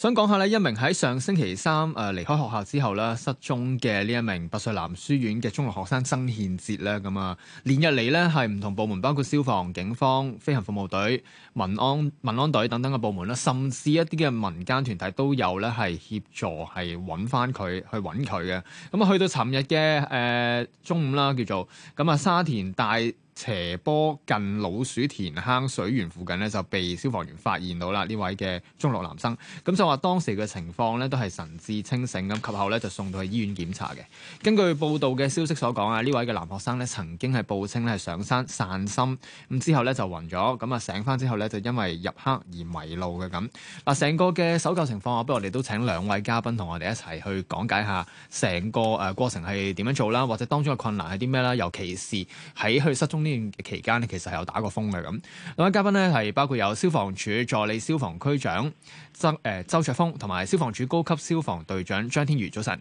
想講下咧，一名喺上星期三誒離開學校之後咧失蹤嘅呢一名拔萃男書院嘅中學學生曾憲哲咧，咁啊，連日嚟咧係唔同部門，包括消防、警方、飛行服務隊、民安民安隊等等嘅部門啦，甚至一啲嘅民間團體都有咧係協助係揾翻佢去揾佢嘅。咁啊，去到尋日嘅誒中午啦，叫做咁啊，沙田大斜坡近老鼠田坑水源附近咧就被消防員發現到啦。呢位嘅中六男生咁就話當時嘅情況咧都係神志清醒咁，及後咧就送到去醫院檢查嘅。根據報道嘅消息所講啊，呢位嘅男學生咧曾經係報稱咧係上山散心咁，之後咧就暈咗咁啊醒翻之後咧就因為入黑而迷路嘅咁嗱。成個嘅搜救情況啊，不如我哋都請兩位嘉賓同我哋一齊去講解下成個誒過程係點樣做啦，或者當中嘅困難係啲咩啦，尤其是喺去失蹤呢？期間咧，其實係有打過風嘅咁。兩位嘉賓咧，係包括有消防處助理消防區長周誒、呃、周焯峰，同埋消防處高級消防隊長張天瑜。早晨，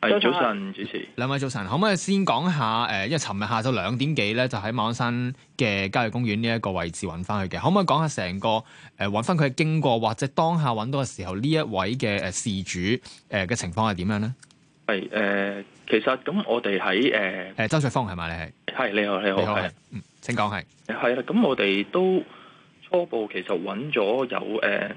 係早晨，早晨主持，兩位早晨，可唔可以先講下誒？因為尋日下晝兩點幾咧，就喺馬鞍山嘅郊野公園呢一個位置揾翻佢嘅。可唔可以講下成個誒揾翻佢嘅經過，或者當下揾到嘅時候呢一位嘅誒事主誒嘅情況係點樣咧？係誒、呃，其實咁我哋喺誒誒，呃、周焯峰係嘛？你係係，你好，你好，你好，你好是嗯，請講係係啦。咁我哋都初步其實揾咗有誒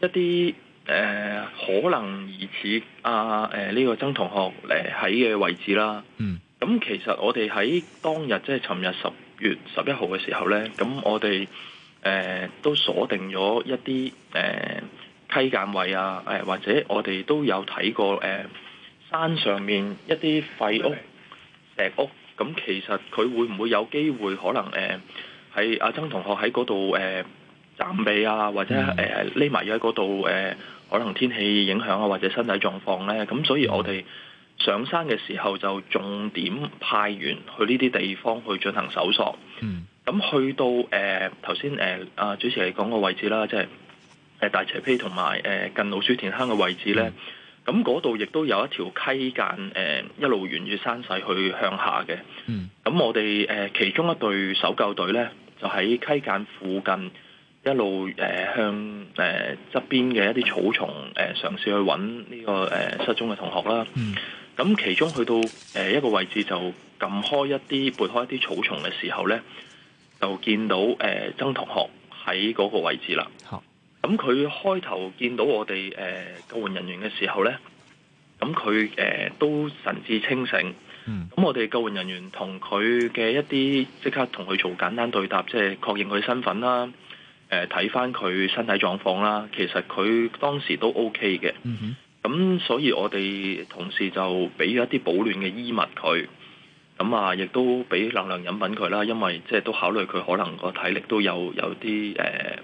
一啲誒、呃、可能疑似阿誒呢個曾同學嚟喺嘅位置啦。嗯，咁其實我哋喺當日即係尋日十月十一號嘅時候咧，咁我哋誒、呃、都鎖定咗一啲誒梯間位啊，誒或者我哋都有睇過誒。呃山上面一啲廢屋、石屋，咁其實佢會唔會有機會可能誒，喺、呃、阿曾同學喺嗰度誒暫避啊，或者誒匿埋咗喺嗰度誒，可能天氣影響啊，或者身體狀況咧，咁所以我哋上山嘅時候就重點派員去呢啲地方去進行搜索。咁去到誒頭先誒啊主持嚟講個位置啦，即係誒大斜坡同埋誒近老鼠田坑嘅位置咧。嗯咁嗰度亦都有一條溪澗，誒、呃、一路沿住山勢去向下嘅。咁、嗯、我哋誒、呃、其中一隊搜救隊呢，就喺溪澗附近一路誒、呃、向誒側、呃、邊嘅一啲草叢誒、呃、嘗試去揾呢、這個誒、呃、失蹤嘅同學啦。咁、嗯、其中去到誒一個位置就撳開一啲撥開一啲草叢嘅時候呢，就見到誒、呃、曾同學喺嗰個位置啦。咁佢開頭見到我哋誒、呃、救援人員嘅時候咧，咁佢誒都神志清醒。咁、mm hmm. 我哋救援人員同佢嘅一啲即刻同佢做簡單對答，即係確認佢身份啦。誒、呃，睇翻佢身體狀況啦。其實，佢當時都 OK 嘅。咁、mm hmm. 所以我哋同事就俾咗一啲保暖嘅衣物佢。咁啊，亦都俾能量飲品佢啦。因為即係都考慮，佢可能個體力都有有啲誒。呃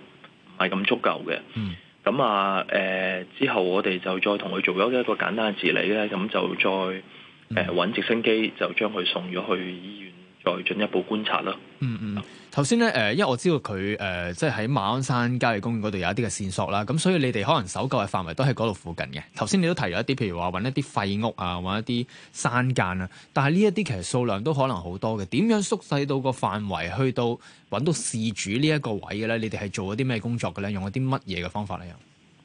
係咁足夠嘅，嗯，咁 啊樂，誒，之後我哋就再同佢做咗一個簡單嘅治理咧，咁就再誒揾直升機，就將佢送咗去醫院。 再進一步觀察啦、嗯。嗯嗯，頭先咧誒，因為我知道佢誒、呃，即係喺馬鞍山郊野公園嗰度有一啲嘅線索啦。咁所以你哋可能搜救嘅範圍都係嗰度附近嘅。頭先你都提咗一啲，譬如話揾一啲廢屋啊，揾一啲山間啊。但係呢一啲其實數量都可能好多嘅。點樣縮細到個範圍去到揾到事主呢一個位嘅咧？你哋係做咗啲咩工作嘅咧？用咗啲乜嘢嘅方法咧？又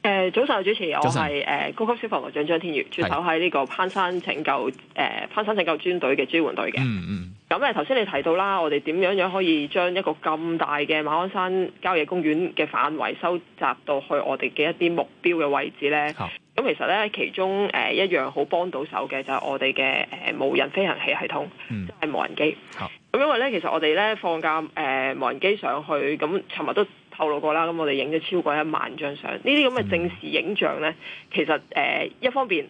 誒、呃，早晨，主持，上我係誒、呃、高級消防隊長張天瑜，駐守喺呢個攀山拯救誒、呃、攀山拯救專隊嘅支援隊嘅、嗯。嗯嗯。咁啊，頭先你提到啦，我哋點樣樣可以將一個咁大嘅馬鞍山郊野公園嘅範圍收集到去我哋嘅一啲目標嘅位置呢？咁好其實呢，其中誒一樣好幫到手嘅就係我哋嘅誒無人飛行器系統，即係、嗯、無人機。咁好，因為呢，其實我哋呢，放假誒無人機上去，咁尋日都透露過啦。咁我哋影咗超過一萬張相，呢啲咁嘅正視影像呢，其實誒一方面。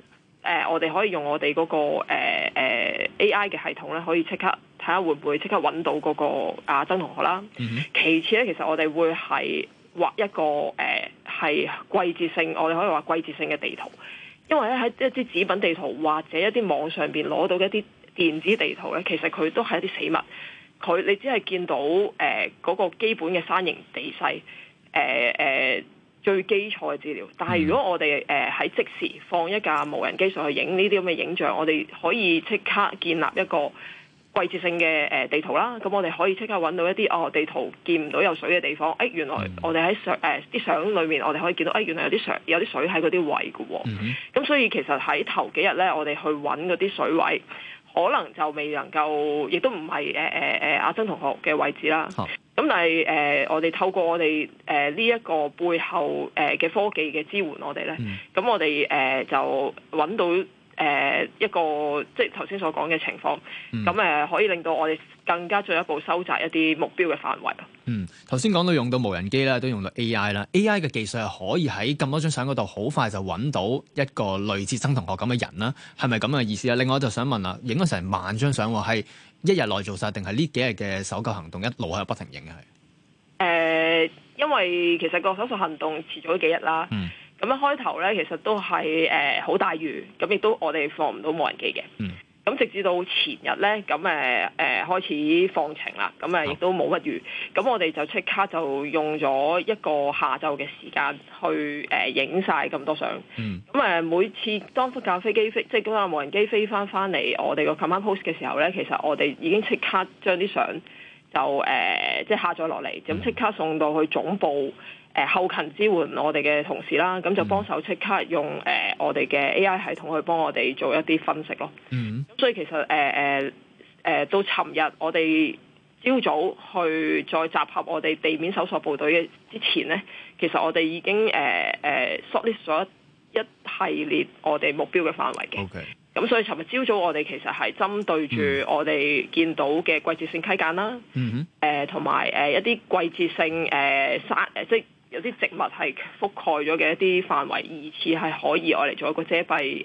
誒，我哋可以用我哋嗰個誒 AI 嘅系統咧，可以即刻睇下會唔會即刻揾到嗰個阿曾同學啦。其次咧，其實我哋會係畫一個誒係、uh, 季節性，我哋可以話季節性嘅地圖，因為咧喺一啲紙品地圖或者一啲網上邊攞到嘅一啲電子地圖咧，其實佢都係一啲死物，佢你只係見到誒嗰、uh, 個基本嘅山形地勢，誒誒。最基礎嘅資料，但係如果我哋誒喺即時放一架無人機上去影呢啲咁嘅影像，我哋可以即刻建立一個季節性嘅誒地圖啦。咁、呃、我哋可以即刻揾到一啲哦，地圖見唔到有水嘅地方，哎、呃、原來我哋喺相誒啲相裏面，我哋可以見到，哎、呃、原來有啲水有啲水喺嗰啲位㗎喎。咁、呃、所以其實喺頭幾日咧，我哋去揾嗰啲水位，可能就未能夠，亦都唔係誒誒誒阿珍同學嘅位置啦。咁但係誒、呃，我哋透過我哋誒呢一個背後誒嘅科技嘅支援我哋呢，嗯、我哋咧，咁我哋誒就揾到誒、呃、一個，即係頭先所講嘅情況，咁誒、嗯、可以令到我哋更加進一步收窄一啲目標嘅範圍啊。嗯，頭先講到用到無人機啦，都用到 AI 啦，AI 嘅技術係可以喺咁多張相嗰度好快就揾到一個類似曾同學咁嘅人啦，係咪咁嘅意思啊？另外我就想問啦，影咗成萬張相喎，係。一日內做晒定係呢幾日嘅搜救行動，一路喺度不停影嘅係。誒、呃，因為其實個搜索行動持續咗幾日啦。咁、嗯、一開頭咧，其實都係誒好大雨，咁亦都我哋放唔到無人機嘅。嗯咁直至到前日咧，咁誒誒開始放晴啦，咁誒亦都冇乜雨。咁我哋就即刻就用咗一個下晝嘅時間去誒影晒咁多相。咁 誒、嗯嗯、每次當副架飛機飛，即係嗰架無人機飛翻翻嚟，我哋個 command post 嘅時候咧，其實我哋已經刻、呃、即刻將啲相就誒即係下載落嚟，咁即刻送到去總部。誒後勤支援我哋嘅同事啦，咁、mm hmm. 就幫手即刻用誒、呃、我哋嘅 AI 系統去幫我哋做一啲分析咯。嗯、mm，hmm. 所以其實誒誒誒，到尋日我哋朝早去再集合我哋地面搜索部隊嘅之前咧，其實我哋已經誒誒篩列咗一系列我哋目標嘅範圍嘅。O K. 咁所以尋日朝早我哋其實係針對住我哋見到嘅季節性溪澗啦。嗯哼、mm，同埋誒一啲季節性誒山誒即。有啲植物係覆蓋咗嘅一啲範圍，以至係可以愛嚟做一個遮蔽誒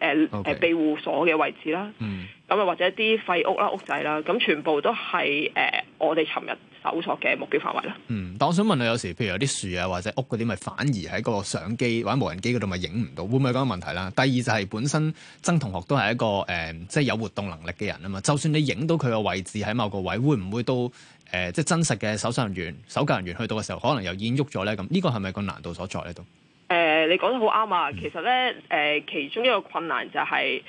誒誒庇護所嘅位置啦。咁、呃、啊、呃 Okay. 呃，或者一啲廢屋啦、屋仔啦，咁全部都係誒。呃我哋尋日搜索嘅目標範圍啦。嗯，但我想問你，有時譬如有啲樹啊，或者屋嗰啲，咪反而喺個相機或者無人機嗰度咪影唔到？會唔會有咁嘅問題啦？第二就係、是、本身曾同學都係一個誒、呃，即係有活動能力嘅人啊嘛。就算你影到佢嘅位置喺某個位，會唔會都誒、呃、即係真實嘅搜索人員、搜救人員去到嘅時候，可能又已經喐咗咧？咁、這、呢個係咪個難度所在咧？都誒、呃，你講得好啱啊！嗯、其實咧，誒、呃，其中一個困難就係、是。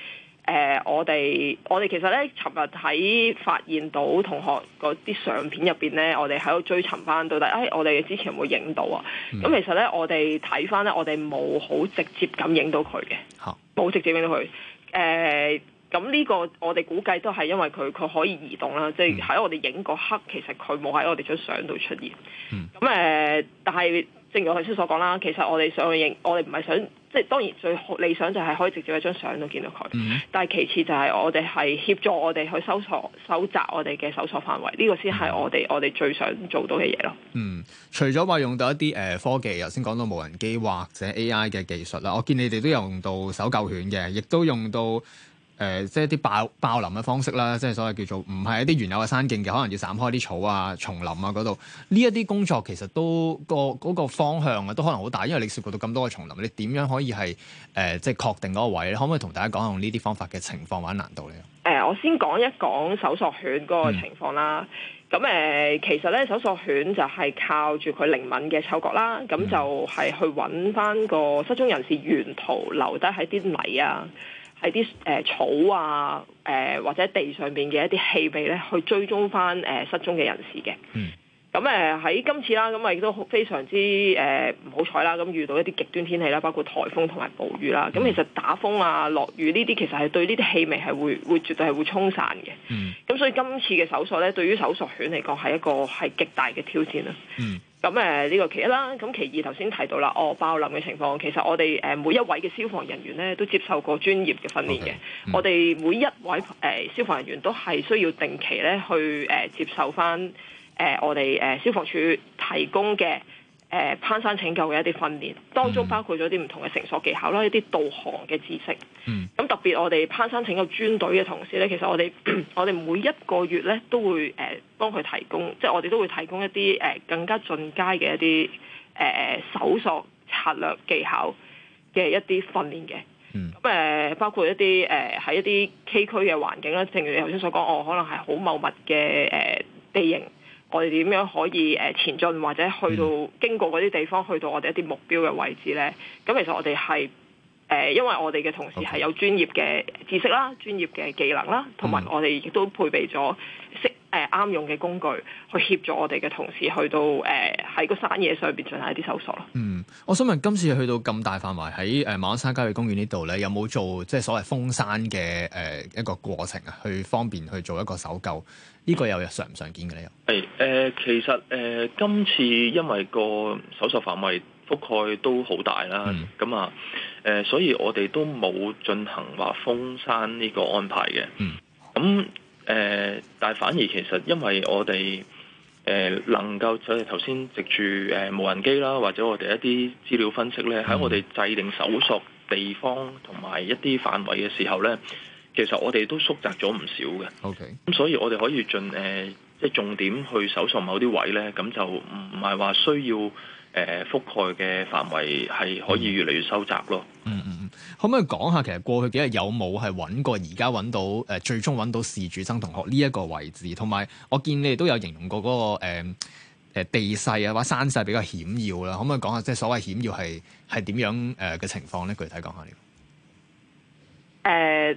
誒、呃，我哋我哋其實咧，尋日喺發現到同學嗰啲相片入邊咧，我哋喺度追尋翻到底，誒、哎，我哋之前有冇影到啊？咁、嗯、其實咧，我哋睇翻咧，我哋冇好直接咁影到佢嘅，冇哈直接影到佢。誒、呃，咁呢個我哋估計都係因為佢佢可以移動啦，即係喺我哋影嗰刻，其實佢冇喺我哋張相度出現。咁誒、嗯嗯呃，但係。正如我頭先所講啦，其實我哋想去認，我哋唔係想即係當然最理想就係可以直接喺張相度見到佢，mm hmm. 但係其次就係我哋係協助我哋去搜索、搜集我哋嘅搜索範圍，呢、這個先係我哋、mm hmm. 我哋最想做到嘅嘢咯。嗯，除咗話用到一啲誒、呃、科技，頭先講到無人機或者 AI 嘅技術啦，我見你哋都有用到搜救犬嘅，亦都用到。誒、呃，即係啲爆爆林嘅方式啦，即係所謂叫做唔係一啲原有嘅山徑嘅，可能要斬開啲草啊、叢林啊嗰度。呢一啲工作其實都個嗰個方向啊，都可能好大，因為你涉及到咁多嘅叢林，你點樣可以係誒、呃、即係確定嗰個位咧？可唔可以同大家講用呢啲方法嘅情況，或者難度咧？誒、呃，我先講一講搜索犬嗰個情況啦。咁誒、嗯呃，其實咧搜索犬就係靠住佢靈敏嘅嗅覺啦，咁就係去揾翻個失蹤人士沿途留低喺啲泥啊。係啲誒草啊，誒、呃、或者地上邊嘅一啲氣味咧，去追蹤翻誒、呃、失蹤嘅人士嘅。嗯。咁誒喺今次啦，咁啊亦都非常之誒唔好彩啦，咁、呃、遇到一啲極端天氣啦，包括台風同埋暴雨啦。咁、嗯、其實打風啊、落雨呢啲，其實係對呢啲氣味係會會絕對係會沖散嘅。嗯。咁所以今次嘅搜索咧，對於搜索犬嚟講係一個係極大嘅挑戰啦。嗯。咁誒呢個其一啦，咁其二頭先提到啦，哦爆竇嘅情況，其實我哋誒、呃、每一位嘅消防人員咧都接受過專業嘅訓練嘅，Okay. 我哋每一位誒、呃、消防人員都係需要定期咧去誒、呃、接受翻誒、呃、我哋誒、呃、消防處提供嘅，誒、呃、攀山拯救嘅一啲訓練，當中包括咗啲唔同嘅繩索技巧啦，一啲導航嘅知識。咁、嗯、特別，我哋攀山拯救專隊嘅同事呢，其實我哋 我哋每一個月呢都會誒幫佢提供，即、就、係、是、我哋都會提供一啲誒更加進階嘅一啲誒、呃、搜索策略技巧嘅一啲訓練嘅。咁誒、嗯、包括一啲誒喺一啲崎嶇嘅環境啦，正如你頭先所講，我、呃、可能係好茂密嘅誒地形。我哋點樣可以誒前進或者去到經過嗰啲地方，去到我哋一啲目標嘅位置呢？咁其實我哋係誒，因為我哋嘅同事係有專業嘅知識啦、專業嘅技能啦，同埋我哋亦都配備咗誒啱用嘅工具去協助我哋嘅同事去到誒喺個山野上邊進行一啲搜索咯。嗯，我想問今次去到咁大範圍喺誒、呃、馬鞍山郊野公園呢度咧，有冇做即係所謂封山嘅誒、呃、一個過程啊？去方便去做一個搜救，呢、這個又日常唔常見嘅咧？係誒、呃，其實誒、呃、今次因為個搜索範圍覆蓋都好大啦，咁啊誒，所以我哋都冇進行話封山呢個安排嘅。嗯，咁、嗯。誒、呃，但係反而其實，因為我哋誒、呃、能夠，就係頭先藉住誒、呃、無人機啦，或者我哋一啲資料分析咧，喺、嗯、我哋制定搜索地方同埋一啲範圍嘅時候咧，其實我哋都縮窄咗唔少嘅。咁 Okay.、嗯、所以，我哋可以盡誒即係重點去搜索某啲位咧，咁就唔係話需要。誒、呃、覆蓋嘅範圍係可以越嚟越收窄咯。嗯嗯嗯，可唔可以講下其實過去幾日有冇係揾過而家揾到誒、呃、最終揾到事主曾同學呢一個位置？同埋我見你哋都有形容過嗰、那個誒、呃、地勢啊，或山勢比較險要啦。可唔可以講下即係所謂險要係係點樣誒嘅情況咧？具體講下呢？誒、呃。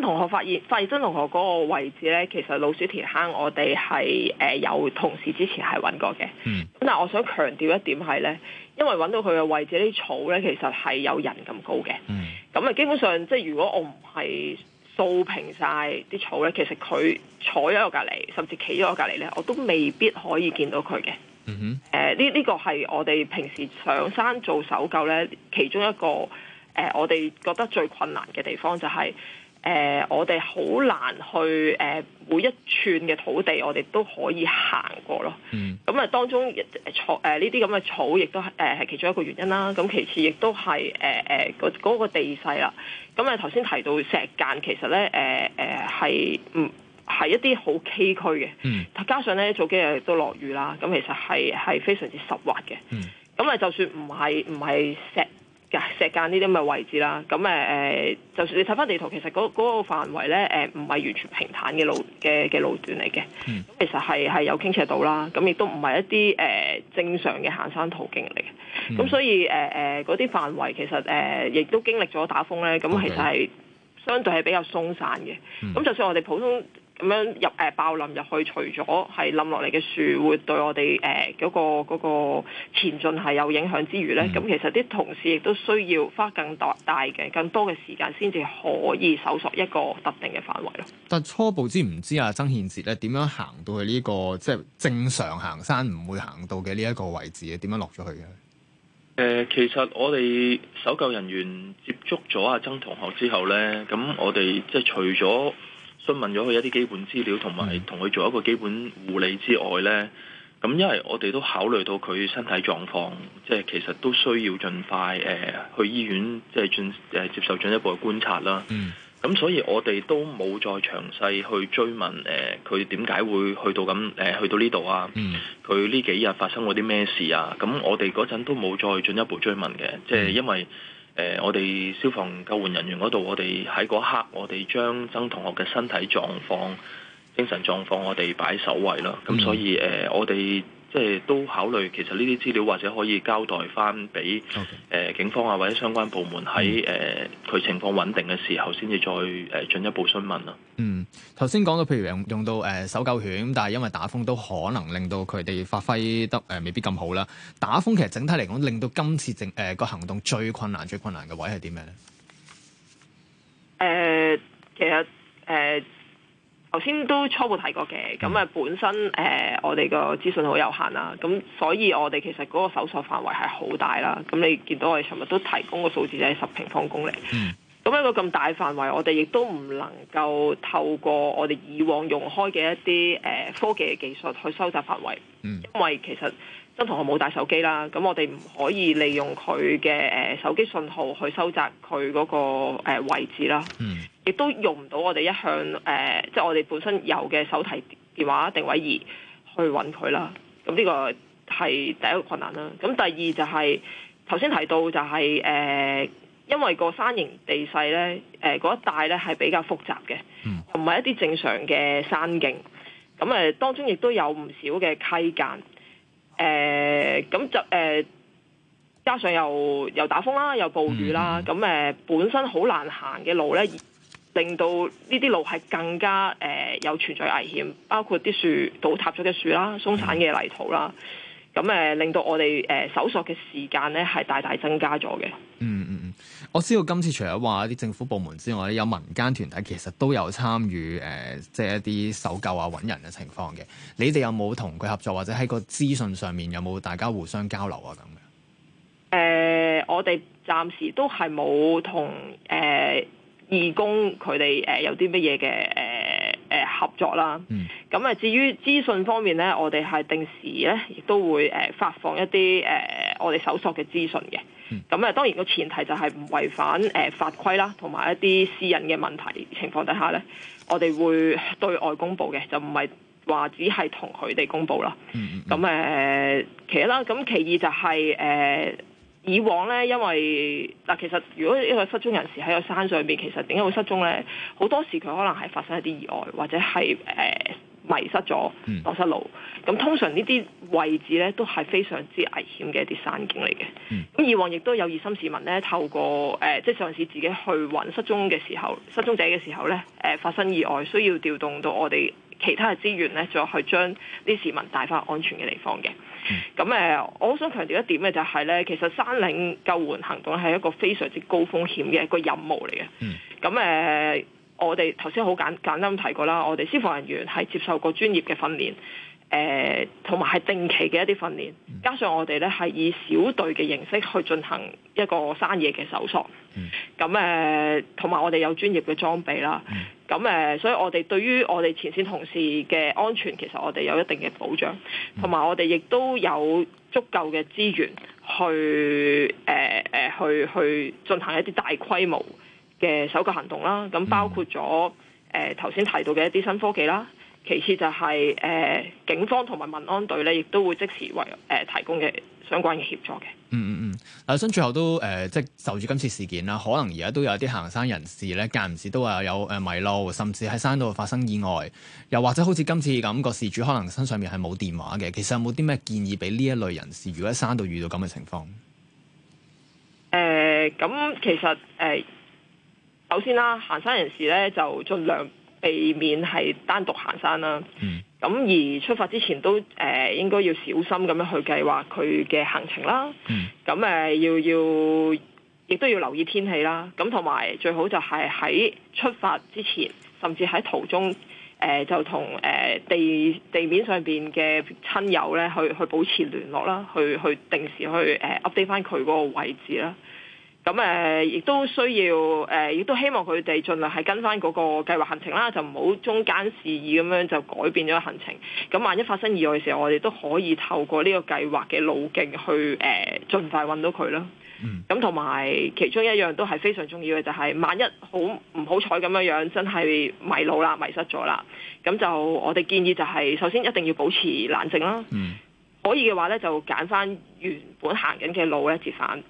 曾同學發現，發現曾同學嗰個位置咧，其實老鼠田坑我哋係誒有同事之前係揾過嘅。咁、mm hmm. 但係我想強調一點係咧，因為揾到佢嘅位置啲草咧，其實係有人咁高嘅。嗯、mm，咁啊，基本上即係如果我唔係掃平晒啲草咧，其實佢坐喺我隔離，甚至企喺我隔離咧，我都未必可以見到佢嘅。嗯哼、mm，呢、hmm. 呢、呃呢個係、呢個、我哋平時上山做搜救咧，其中一個誒、呃、我哋覺得最困難嘅地方就係、係。誒、呃，我哋好難去誒、呃，每一寸嘅土地我哋都可以行過咯。咁啊、嗯，當中、呃、草呢啲咁嘅草，亦都係誒係其中一個原因啦。咁其次，亦都係誒誒嗰個地勢啦。咁啊，頭先提到石澗，其實咧誒誒係唔係一啲好崎嶇嘅。加上咧早幾日都落雨啦，咁、啊、其實係係非常之濕滑嘅。咁啊、嗯，就算唔係唔係石。石澗呢啲咁嘅位置啦，咁誒誒，就算你睇返地圖，其實嗰嗰個範圍咧，誒唔係完全平坦嘅路嘅嘅路段嚟嘅，mm. 其實係係有傾斜度啦，咁亦都唔係一啲誒、呃、正常嘅行山途徑嚟嘅，咁、mm. 所以誒誒嗰啲範圍其實誒、呃、亦都經歷咗打風咧，咁其實係相對係比較鬆散嘅，咁、mm. 就算我哋普通。咁樣入誒、呃、爆冧入去，除咗係冧落嚟嘅樹會對我哋誒嗰個嗰個前進係有影響之餘咧，咁、嗯、其實啲同事亦都需要花更大大嘅、更多嘅時間，先至可以搜索一個特定嘅範圍咯。但初步知唔知啊、這個，曾憲哲咧點樣行到去呢個即係正常行山唔會行到嘅呢一個位置嘅？點樣落咗去嘅？誒、呃，其實我哋搜救人員接觸咗阿曾同學之後咧，咁我哋即係除咗。詢問咗佢一啲基本資料，同埋同佢做一個基本護理之外呢，咁、mm. 因為我哋都考慮到佢身體狀況，即係其實都需要盡快誒去醫院，即係進誒接受進一步嘅觀察啦。嗯，咁所以我哋都冇再詳細去追問誒佢點解會去到咁誒去到呢度啊，佢呢、mm. 幾日發生過啲咩事啊。咁我哋嗰陣都冇再進一步追問嘅，即係因為。誒、呃，我哋消防救援人員嗰度，我哋喺嗰刻，我哋將曾同學嘅身體狀況、精神狀況我、呃，我哋擺首位咯。咁所以誒，我哋。即係都考慮，其實呢啲資料或者可以交代翻俾誒警方啊，或者相關部門喺誒佢情況穩定嘅時候，先至再誒進一步詢問啦。嗯，頭先講到譬如用用到誒搜、呃、救犬，但係因為打風都可能令到佢哋發揮得誒、呃、未必咁好啦。打風其實整體嚟講，令到今次整誒個行動最困難、最困難嘅位係啲咩咧？誒、呃、其實誒。呃頭先都初步睇過嘅，咁啊本身誒、呃、我哋個資訊好有限啦，咁所以我哋其實嗰個搜索範圍係好大啦，咁你見到我哋尋日都提供個數字就係十平方公里。咁一個咁大範圍，我哋亦都唔能夠透過我哋以往用開嘅一啲誒、呃、科技嘅技術去收窄範圍。因為其實，新同學冇帶手機啦，咁我哋唔可以利用佢嘅誒手機信號去收窄佢嗰個位置啦。亦都用唔到我哋一向誒，即、呃、係、就是、我哋本身有嘅手提電話定位儀去揾佢啦。咁呢個係第一個困難啦。咁第二就係頭先提到就係、是、誒、呃，因為個山形地勢呢，誒、呃、嗰一帶呢係比較複雜嘅，同埋一啲正常嘅山徑。咁誒、呃，當中亦都有唔少嘅溪間。誒，咁就誒，加上又又打風啦，又暴雨啦，咁誒、mm hmm. uh, 本身好難行嘅路咧，令到呢啲路係更加誒、uh, 有存在危險，包括啲樹倒塌咗嘅樹啦、鬆散嘅泥土啦，咁誒、uh, 令到我哋誒、uh, 搜索嘅時間咧係大大增加咗嘅。嗯嗯嗯。Hmm. 我知道今次除咗話一啲政府部門之外，咧有民間團體其實都有參與誒即係一啲搜救啊、揾人嘅情況嘅。你哋有冇同佢合作，或者喺個資訊上面有冇大家互相交流啊？咁樣誒，我哋暫時都係冇同誒義工佢哋誒有啲乜嘢嘅誒誒合作啦。咁啊、嗯，至於資訊方面咧，我哋係定時咧，亦都會誒發放一啲誒、呃、我哋搜索嘅資訊嘅。咁誒、嗯、當然個前提就係唔違反誒、呃、法規啦，同埋一啲私隱嘅問題情況底下咧，我哋會對外公布嘅，就唔係話只係同佢哋公布啦。咁誒、嗯嗯，其一啦，咁其二就係、是、誒、呃，以往咧，因為嗱、呃，其實如果一個失蹤人士喺個山上邊，其實點解會失蹤咧？好多時佢可能係發生一啲意外，或者係誒、呃迷失咗，落失路。咁通常呢啲位置呢都係非常之危險嘅一啲山景嚟嘅。咁 以往亦都有熱心市民呢透過，誒、呃，即係嘗試自己去揾失蹤嘅時候，失蹤者嘅時候呢誒、呃、發生意外，需要調動到我哋其他嘅資源呢，再去將啲市民帶翻安全嘅地方嘅。咁誒、 呃，我好想強調一點嘅就係呢，其實山嶺救援行動係一個非常之高風險嘅一個任務嚟嘅。咁誒。 我哋頭先好簡簡單咁提過啦，我哋消防人員係接受過專業嘅訓練，誒、呃，同埋係定期嘅一啲訓練，加上我哋咧係以小隊嘅形式去進行一個山野嘅搜索，咁、嗯、誒，同埋我哋有專業嘅裝備啦，咁、嗯、誒、嗯嗯嗯，所以我哋對於我哋前線同事嘅安全，其實我哋有一定嘅保障，同埋我哋亦都有足夠嘅資源去誒誒、呃呃、去去進行一啲大規模嘅搜救行動啦，咁、嗯嗯、包括咗誒頭先提到嘅一啲新科技啦。其次就係、是、誒、呃、警方同埋民安隊咧，亦都會即時為誒、呃、提供嘅相關嘅協助嘅、嗯。嗯嗯嗯，嗱，想最後都誒、呃，即係就住今次事件啦，可能而家都有啲行山人士咧，間唔時都話有誒迷路，甚至喺山度發生意外，又或者好似今次咁個事主可能身上面係冇電話嘅。其實有冇啲咩建議俾呢一類人士，如果喺山度遇到咁嘅情況？誒、呃，咁其實誒。呃呃首先啦，行山人士咧就盡量避免係單獨行山啦。咁、嗯、而出發之前都誒應該要小心咁樣去計劃佢嘅行程啦。咁誒、嗯、要要亦都要留意天氣啦。咁同埋最好就係喺出發之前，甚至喺途中誒就同誒地地面上邊嘅親友咧去去保持聯絡啦，去去定時去誒 update 返佢嗰個位置啦。咁誒，亦、呃、都需要誒，亦、呃、都希望佢哋盡量係跟翻嗰個計劃行程啦，就唔好中間事意咁樣就改變咗行程。咁萬一發生意外嘅時候，我哋都可以透過呢個計劃嘅路徑去誒、呃，盡快揾到佢啦。咁同埋其中一樣都係非常重要嘅，就係萬一好唔好彩咁樣樣真係迷路啦，迷失咗啦，咁就我哋建議就係首先一定要保持冷靜啦。嗯、可以嘅話咧，就揀翻原本行緊嘅路咧，折返，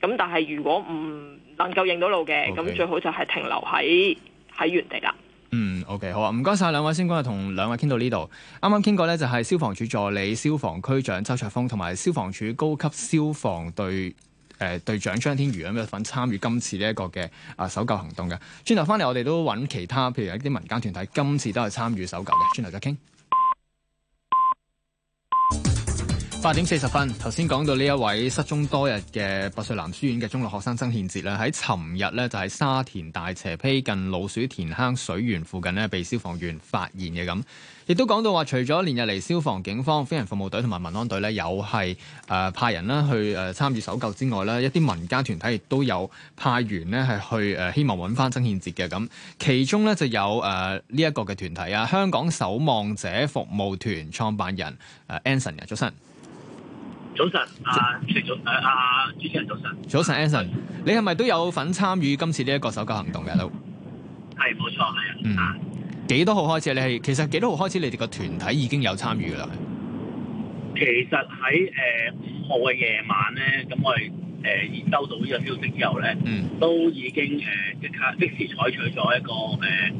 咁但係如果唔能夠認到路嘅，咁 Okay. 最好就係停留喺喺原地啦。嗯，OK，好啊，唔該晒。兩位先官，同兩位傾到呢度。啱啱傾過呢，就係消防處助理消防區長周焯峰同埋消防處高級消防隊誒隊長張天瑜咁樣份參與今次呢一個嘅啊搜救行動嘅。轉頭翻嚟，我哋都揾其他，譬如一啲民間團體，今次都係參與搜救嘅。轉頭再傾。八點四十分，頭先講到呢一位失蹤多日嘅拔萃男書院嘅中六學生曾憲哲咧，喺尋日呢，就喺沙田大斜坡近老鼠田坑水源附近咧被消防員發現嘅，咁，亦都講到話，除咗連日嚟，消防、警方、飛行服務隊同埋民安隊呢有係誒派人啦去誒參與搜救之外呢，一啲民間團體亦都有派員咧係去誒希望揾翻曾憲哲嘅，咁。其中呢，就有誒呢一個嘅團體啊，香港守望者服務團創辦人誒，Anson，早晨。早晨，阿徐誒，阿主持人早晨上。啊、早晨上，Anson，你係咪都有份參與今次呢一個搜救行動嘅？都係，冇錯，係啊。嗯。幾多號開始？你係其實幾多號開始？你哋個團體已經有參與啦。其實喺誒五號嘅夜晚咧，咁我哋誒收到呢個消息之後咧，嗯，都已經誒、呃、即刻即時採取咗一個誒。呃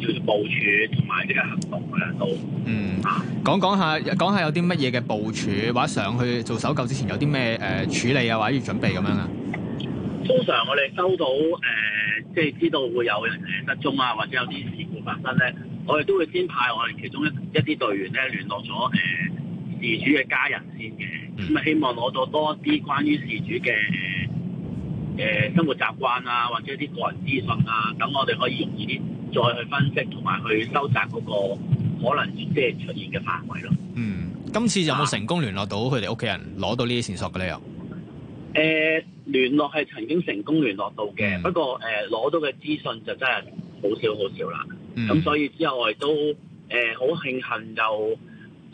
叫做部署同埋呢個行動嘅都，嗯，講講下，講下有啲乜嘢嘅部署，或者上去做搜救之前有啲咩誒處理啊，或者要準備咁樣啊？通常我哋收到誒、呃，即係知道會有人誒失蹤啊，或者有啲事故發生咧，我哋都會先派我哋其中一一啲隊員咧聯絡咗誒、呃、事主嘅家人先嘅，咁啊希望攞到多啲關於事主嘅。誒，生活習慣啊，或者啲個人資訊啊，等我哋可以容易啲再去分析，同埋去收集嗰個可能即係出現嘅範圍咯。嗯，今次有冇成功聯絡到佢哋屋企人攞到呢啲線索嘅咧？又誒、啊，聯絡係曾經成功聯絡到嘅，嗯、不過誒，攞、呃、到嘅資訊就真係好少好少啦。咁、嗯、所以之後我哋都誒，好、呃、慶幸就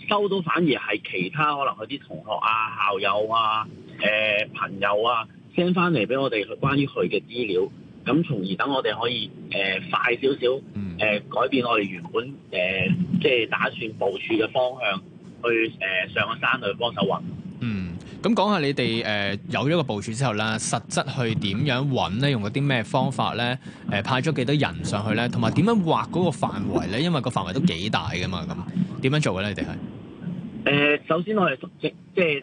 收到，反而係其他可能佢啲同學啊、校友啊、誒、呃、朋友啊。s e 翻嚟俾我哋去關於佢嘅資料，咁從而等我哋可以誒、呃、快少少，誒、呃、改變我哋原本誒、呃、即係打算部署嘅方向，去誒、呃、上個山去幫手揾。嗯，咁講下你哋誒、呃、有咗個部署之後啦，實質去點樣揾咧？用嗰啲咩方法咧？誒、呃、派咗幾多人上去咧？同埋點樣畫嗰個範圍咧？因為個範圍都幾大噶嘛，咁點樣做嘅咧？你哋係誒，首先我哋即係誒。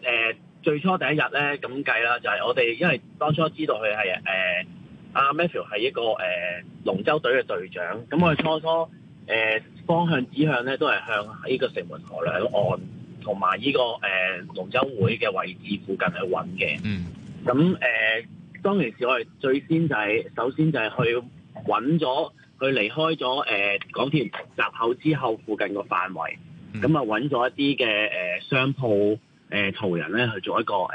最初第一日咧，咁計啦，就係、是、我哋因為當初知道佢係誒阿 Matthew 係一個誒、呃、龍舟隊嘅隊長，咁我哋初初誒、呃、方向指向咧都係向呢個城門河兩岸同埋呢個誒、呃、龍舟會嘅位置附近去揾嘅。嗯。咁、呃、誒當其時我哋最先就係、是、首先就係去揾咗佢離開咗誒、呃、港鐵入口之後附近嘅範圍，咁啊揾咗一啲嘅誒商鋪。誒途人咧去做一個誒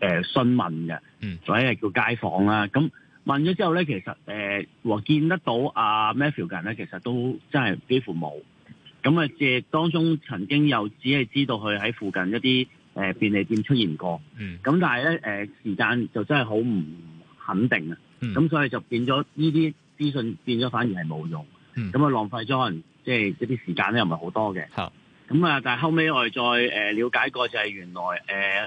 誒詢問嘅，或者係叫街訪啦。咁問咗之後咧，其實誒我、呃、見得到阿、啊、Matthew 嘅人咧，其實都真係幾乎冇。咁、嗯、啊，即係、嗯、當中曾經又只係知道佢喺附近一啲誒便利店出現過。咁但係咧誒時間就真係好唔肯定啊。咁所以就變咗呢啲資訊變咗反而係冇用。咁、嗯、啊、嗯嗯，浪費咗可能即係一啲時間咧，又唔係好多嘅。咁啊！但後尾我哋再誒、呃、了解過，就係原來誒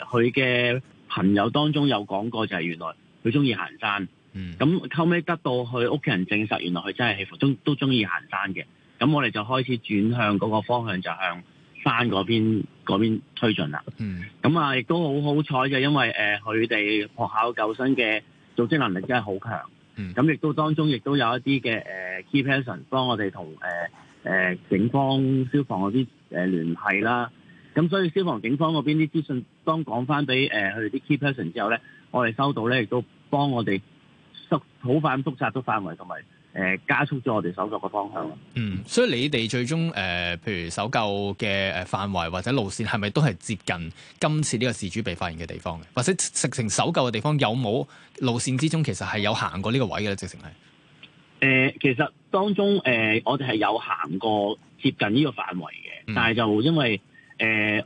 佢嘅朋友當中有講過，就係原來佢中意行山。嗯。咁後尾得到佢屋企人證實，原來佢真係中都中意行山嘅。咁我哋就開始轉向嗰個方向，就向山嗰邊嗰邊推進啦。嗯。咁、嗯、啊，亦都好好彩嘅，因為誒佢哋學校救生嘅組織能力真係好強，嗯。咁亦都當中亦都有一啲嘅誒 key person 幫我哋同誒誒警方消防嗰啲。誒，聯繫啦，咁所以消防警方嗰邊啲資訊，當講翻俾誒佢哋啲 key person 之後咧，我哋收到咧，亦都幫我哋縮好快咁縮窄咗範圍，同埋誒加速咗我哋搜救嘅方向。嗯，所以你哋最終誒、呃，譬如搜救嘅誒範圍或者路線，係咪都係接近今次呢個事主被發現嘅地方嘅？或者直程搜救嘅地方有冇路線之中其實係有行過呢個位嘅咧？直程係誒，其實當中誒、呃，我哋係有行過。接近呢個範圍嘅，但係就因為誒、呃、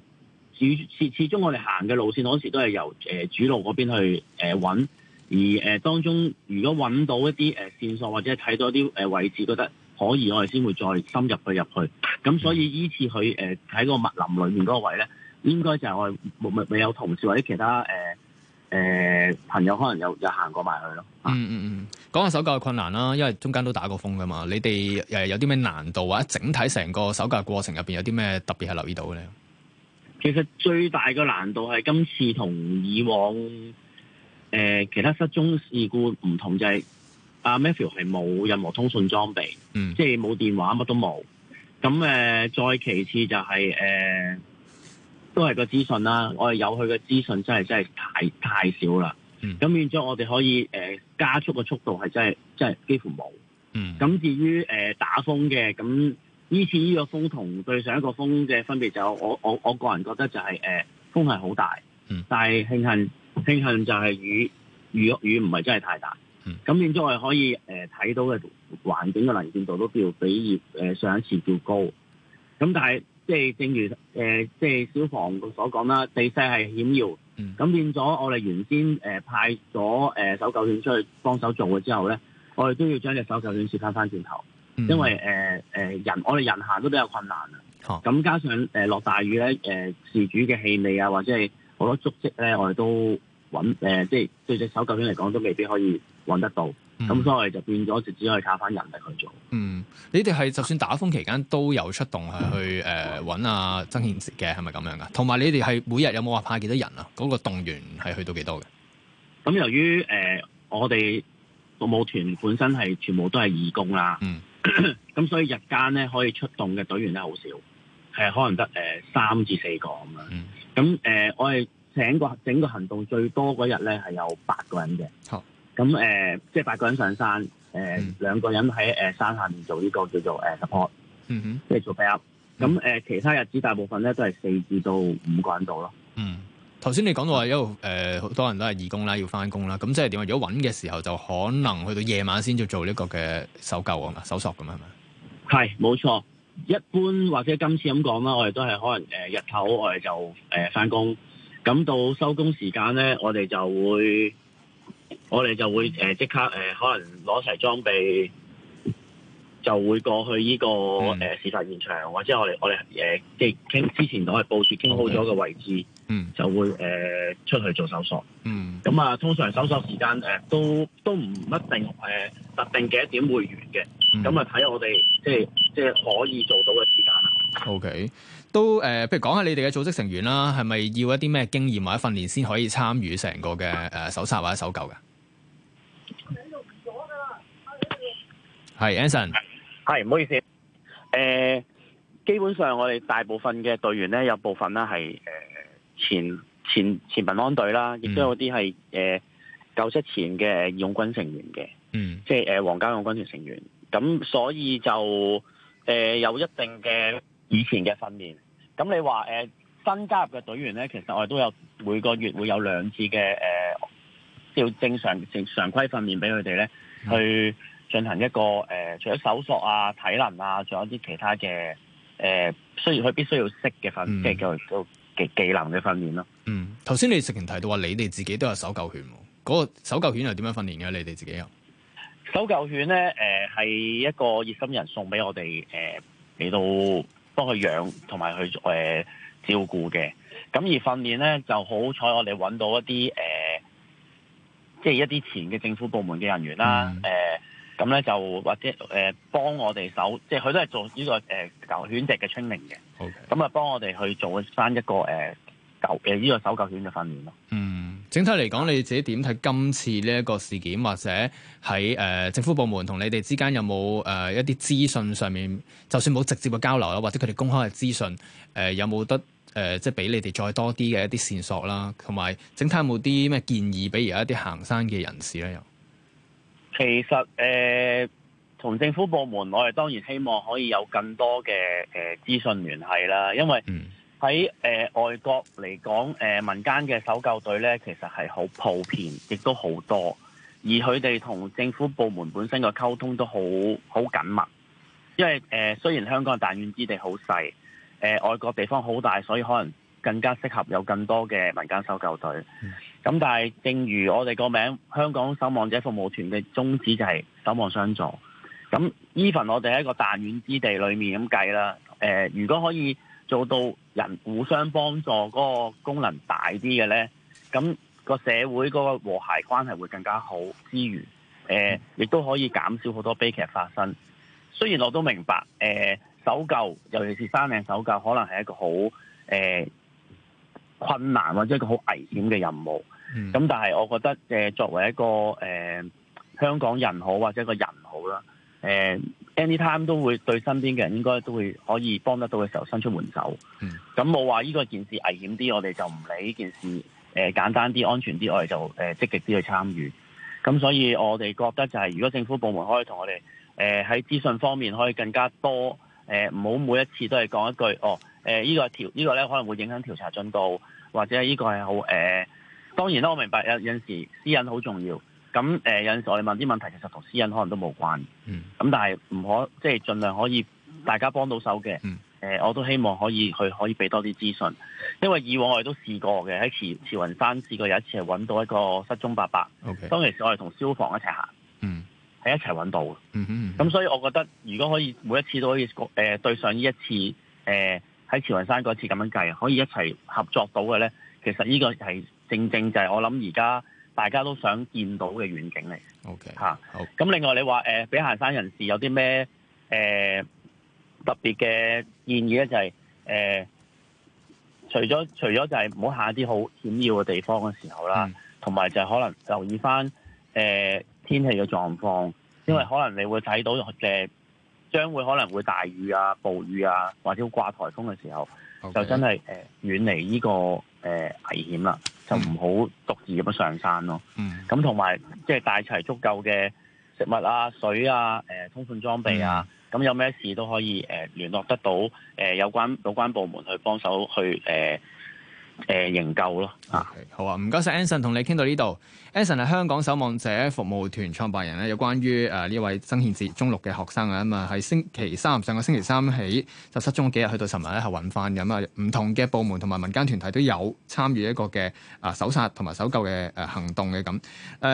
始終始始終我哋行嘅路線，嗰時都係由誒主路嗰邊去誒揾、呃，而誒、呃、當中如果揾到一啲誒、呃、線索，或者睇到啲誒、呃、位置覺得可以，我哋先會再深入去入去。咁所以依次去誒喺、呃、個密林裏面嗰個位咧，應該就係我哋未未未有同事或者其他誒。呃誒、呃，朋友可能有有行過埋去咯。嗯嗯嗯，講、嗯嗯、下搜救嘅困難啦，因為中間都打過風噶嘛。你哋誒有啲咩難度啊？或者整體成個搜救過程入邊有啲咩特別係留意到嘅咧？其實最大嘅難度係今次同以往誒、呃、其他失蹤事故唔同，就係、是、阿、啊、Matthew 係冇任何通訊裝備，嗯、即係冇電話乜都冇。咁誒、呃，再其次就係、是、誒。呃都係個資訊啦，我哋有佢嘅資訊，真係真係太太少啦。咁變咗我哋可以誒加速嘅速度係真係真係幾乎冇。咁、嗯、至於誒、呃、打風嘅，咁呢次呢個風同對上一個風嘅分別就我我我個人覺得就係、是、誒、呃、風係好大，嗯、但係慶幸慶幸就係雨雨雨唔係真係太大。咁變咗我哋可以誒睇、呃、到嘅環境嘅能見度都叫比葉誒上一次叫高。咁但係即係，正如誒、呃，即係消防所講啦，地勢係險要，咁、嗯、變咗我哋原先誒派咗誒搜救犬出去幫手做嘅之後咧，我哋都要將隻搜救犬撤返返轉頭，嗯、因為誒誒、呃、人我哋人行都比較困難啊，咁、哦、加上誒落大雨咧，誒、呃、事主嘅氣味啊，或者係好多足跡咧，我哋都揾誒，即係對隻搜救犬嚟講都未必可以揾得到。咁、嗯、所以就變咗，就只可以靠翻人力去做。嗯，你哋係就算打風期間都有出動係去誒揾阿曾憲哲嘅，係咪咁樣啊？同埋你哋係每日有冇話派幾多人啊？嗰、那個動員係去到幾多嘅？咁、嗯、由於誒、呃、我哋服務團本身係全部都係義工啦，咁、嗯、 所以日間咧可以出動嘅隊員咧好少，係、呃、可能得誒三至四個咁樣。咁誒、嗯呃、我哋整個整個行動最多嗰日咧係有八個人嘅。 咁誒、呃，即係八個人上山，誒、呃嗯、兩個人喺誒、呃、山下面做呢個叫做誒 support，嗯哼，嗯即係做 backup。咁誒、嗯呃、其他日子大部分咧都係四至到五個人度咯。嗯，頭先你講到話，因為誒好多人都係義工啦，要翻工啦，咁即係點啊？如果揾嘅時候，就可能去到夜晚先至做呢個嘅搜救啊嘛，搜索咁啊，係咪？係冇錯，一般或者今次咁講啦，我哋都係可能誒、呃、日頭我哋就誒翻工，咁、呃呃、到收工時間咧，我哋就會。我哋就會誒即、呃、刻誒、呃，可能攞齊裝備，就會過去呢、這個誒、嗯呃、事發現場。或者我哋我哋誒，即係傾之前我哋布置傾好咗嘅位置，嗯，就會誒、呃、出去做搜索。嗯，咁啊，通常搜索時間誒、呃、都都唔一定誒、呃、特定幾點會完嘅，咁啊睇下我哋即係即係可以做到嘅時間啦。O、okay. K，都誒，譬、呃、如講下你哋嘅組織成員啦，係咪要一啲咩經驗或者訓練先可以參與成個嘅誒搜查，或者搜救嘅？係，Anson，係，唔好意思，誒、呃，基本上我哋大部分嘅隊員咧，有部分咧係誒前前前民安隊啦，亦都有啲係誒救出前嘅義勇軍成員嘅，嗯，即係誒皇家義勇軍成員，咁所以就誒、呃、有一定嘅。以前嘅訓練，咁你話誒、呃、新加入嘅隊員咧，其實我哋都有每個月會有兩次嘅誒，要、呃、正常常常規訓練俾佢哋咧，去進行一個誒、呃，除咗搜索啊、體能啊，仲有啲其他嘅誒、呃，需要佢必須要識嘅訓，即係、嗯、叫做技技能嘅訓練咯。嗯，頭先你直情提到話，你哋自己都有搜救犬喎，嗰、那個搜救犬又點樣訓練嘅？你哋自己有搜救犬咧，誒、呃、係一個熱心人送俾我哋，誒、呃、俾到。幫佢養同埋去誒、呃、照顧嘅，咁而訓練咧就好彩，我哋揾到一啲誒、呃，即係一啲前嘅政府部門嘅人員啦，誒、mm，咁、hmm. 咧、呃、就或者誒，幫、呃、我哋手，即係佢都係做呢、這個誒狗、呃、犬隻嘅訓練嘅，嘅，咁啊幫我哋去做翻一個誒。呃誒呢個搜救犬嘅訓練咯。嗯，整體嚟講，你自己點睇今次呢一個事件，或者喺誒、呃、政府部門同你哋之間有冇誒、呃、一啲資訊上面，就算冇直接嘅交流啦，或者佢哋公開嘅資訊，誒、呃、有冇得誒、呃、即係俾你哋再多啲嘅一啲線索啦，同埋整體有冇啲咩建議，俾而家一啲行山嘅人士咧？又其實誒，同、呃、政府部門，我哋當然希望可以有更多嘅誒資訊聯繫啦，因為嗯。喺誒、呃、外國嚟講，誒、呃、民間嘅搜救隊咧，其實係好普遍，亦都好多，而佢哋同政府部門本身嘅溝通都好好緊密。因為誒、呃、雖然香港彈丸之地好細，誒、呃、外國地方好大，所以可能更加適合有更多嘅民間搜救隊。咁、嗯、但係正如我哋個名，香港守望者服務團嘅宗旨就係守望相助。咁 even 我哋喺一個彈丸之地裏面咁計啦，誒、呃、如果可以做到。人互相幫助嗰、那個功能大啲嘅咧，咁、那個社會嗰個和諧關係會更加好之餘，誒、呃、亦都可以減少好多悲劇發生。雖然我都明白，誒搜救，尤其是山嶺搜救，可能係一個好誒、呃、困難或者一個好危險嘅任務。咁、嗯、但係我覺得，誒、呃、作為一個誒、呃、香港人好或者一個人好啦，誒、呃。Anytime 都會對身邊嘅人，應該都會可以幫得到嘅時候，伸出援手。咁冇話呢個件事危險啲，我哋就唔理呢件事。誒簡單啲、安全啲，我哋就誒積極啲去參與。咁所以我哋覺得就係，如果政府部門可以同我哋誒喺資訊方面可以更加多誒，唔好每一次都係講一句哦誒，呢個調呢個咧可能會影響調查進度，或者呢個係好誒。當然啦，我明白有有陣時私隱好重要。咁誒、呃、有陣時我哋問啲問題，其實同私隱可能都冇關。嗯。咁但係唔可即係盡量可以大家幫到手嘅。嗯。誒、呃，我都希望可以去，可以俾多啲資訊，因為以往我哋都試過嘅喺慈慈雲山試過有一次係揾到一個失蹤伯伯。OK。當其時我哋同消防一齊行、嗯嗯。嗯。係一齊揾到。嗯。咁所以我覺得，如果可以每一次都可以誒對上呢一次誒喺、呃、慈雲山嗰次咁樣計，可以一齊合作到嘅咧，其實呢個係正，正正就係我諗而家，大家都想見到嘅遠景嚟。O K 嚇，咁另外你話誒俾行山人士有啲咩誒特別嘅建議咧？就係、是、誒、呃，除咗除咗就係唔好行一啲好險要嘅地方嘅時候啦，同埋、嗯、就係可能留意返誒、呃、天氣嘅狀況，因為可能你會睇到誒、嗯、將會可能會大雨啊、暴雨啊，或者會刮颱風嘅時候，Okay. 就真係誒、呃、遠離呢個誒危險啦。就唔好獨自咁樣上山咯。咁同埋即係帶齊足夠嘅食物啊、水啊、誒、呃、通訊裝備啊。咁、嗯、有咩事都可以誒、呃、聯絡得到誒、呃、有關有關部門去幫手去誒。呃誒營救咯，啊，okay, 好啊，唔該晒。Anson 同你傾到呢度，Anson 係香港守望者服務團創辦人咧，有關於誒呢位曾憲哲中六嘅學生啊嘛，係星期三上個星期三起就失蹤咗幾日，去到尋日咧係揾翻咁啊，唔、嗯、同嘅部門同埋民間團體都有參與一個嘅啊搜查同埋搜救嘅誒行動嘅咁，誒、嗯。